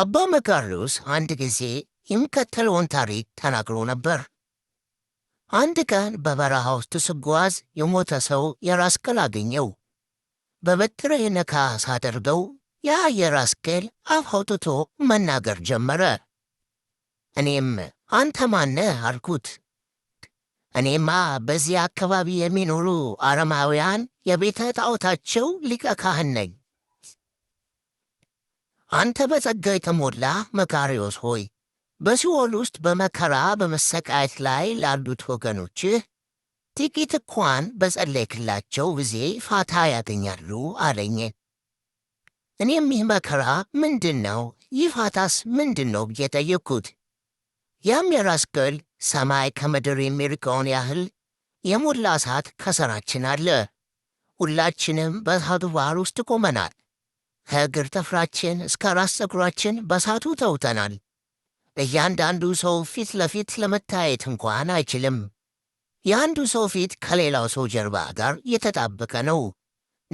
አባ መቃርዮስ አንድ ጊዜ የሚከተለውን ታሪክ ተናግሮ ነበር። አንድ ቀን በበረሃ ውስጥ ስጓዝ የሞተ ሰው የራስ ቅል አገኘው። በበትረ ነካ ሳደርገው ያ የራስ ቅል አፍ አውጥቶ መናገር ጀመረ። እኔም አንተ ማነህ አልኩት። እኔማ በዚህ አካባቢ የሚኖሩ አረማውያን የቤተ ጣዖታቸው ሊቀ ካህን ነኝ አንተ በጸጋ የተሞላ መካሪዎስ ሆይ በሲኦል ውስጥ በመከራ በመሰቃየት ላይ ላሉት ወገኖችህ ጥቂት እንኳን በጸለይክላቸው ጊዜ ፋታ ያገኛሉ አለኝ። እኔም ይህ መከራ ምንድን ነው? ይህ ፋታስ ምንድን ነው ብዬ ጠየቅኩት። ያም የራስ ቅል ሰማይ ከምድር የሚርቀውን ያህል የሞላ እሳት ከሰራችን አለ። ሁላችንም በእሳቱ ባህር ውስጥ ቆመናል። ከእግር ጥፍራችን እስከ ራስ ጸጉራችን በሳቱ ተውተናል። እያንዳንዱ ሰው ፊት ለፊት ለመታየት እንኳን አይችልም። የአንዱ ሰው ፊት ከሌላው ሰው ጀርባ ጋር የተጣበቀ ነው።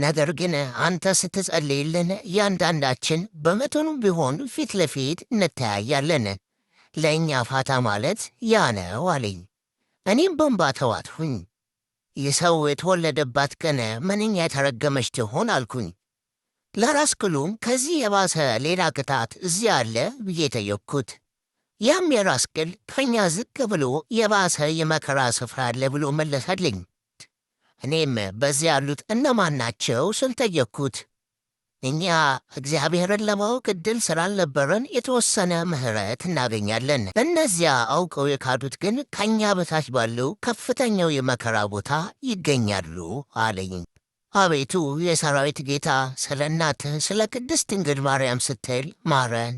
ነገር ግን አንተ ስትጸልይልን እያንዳንዳችን በመጠኑም ቢሆን ፊት ለፊት እንተያያለን። ለእኛ ፋታ ማለት ያ ነው አለኝ። እኔም በእንባ ተዋትሁኝ። ይህ ሰው የተወለደባት ቀን ምንኛ የተረገመች ትሆን አልኩኝ። ለራስ ክሉም ከዚህ የባሰ ሌላ ቅጣት እዚህ አለ ብዬ ጠየቅኩት። ያም ቅል ከእኛ ዝቅ ብሎ የባሰ የመከራ ስፍራ አለ ብሎ መለሰልኝ። እኔም በዚህ ያሉት እነማን ናቸው ስል ጠየቅኩት። እኛ እግዚአብሔርን ለማወቅ ዕድል ስላልነበረን የተወሰነ ምሕረት እናገኛለን። እነዚያ አውቀው የካዱት ግን ከእኛ በታች ባለው ከፍተኛው የመከራ ቦታ ይገኛሉ አለኝ። አቤቱ የሰራዊት ጌታ ስለ እናትህ ስለ ቅድስት ድንግል ማርያም ስትል ማረን።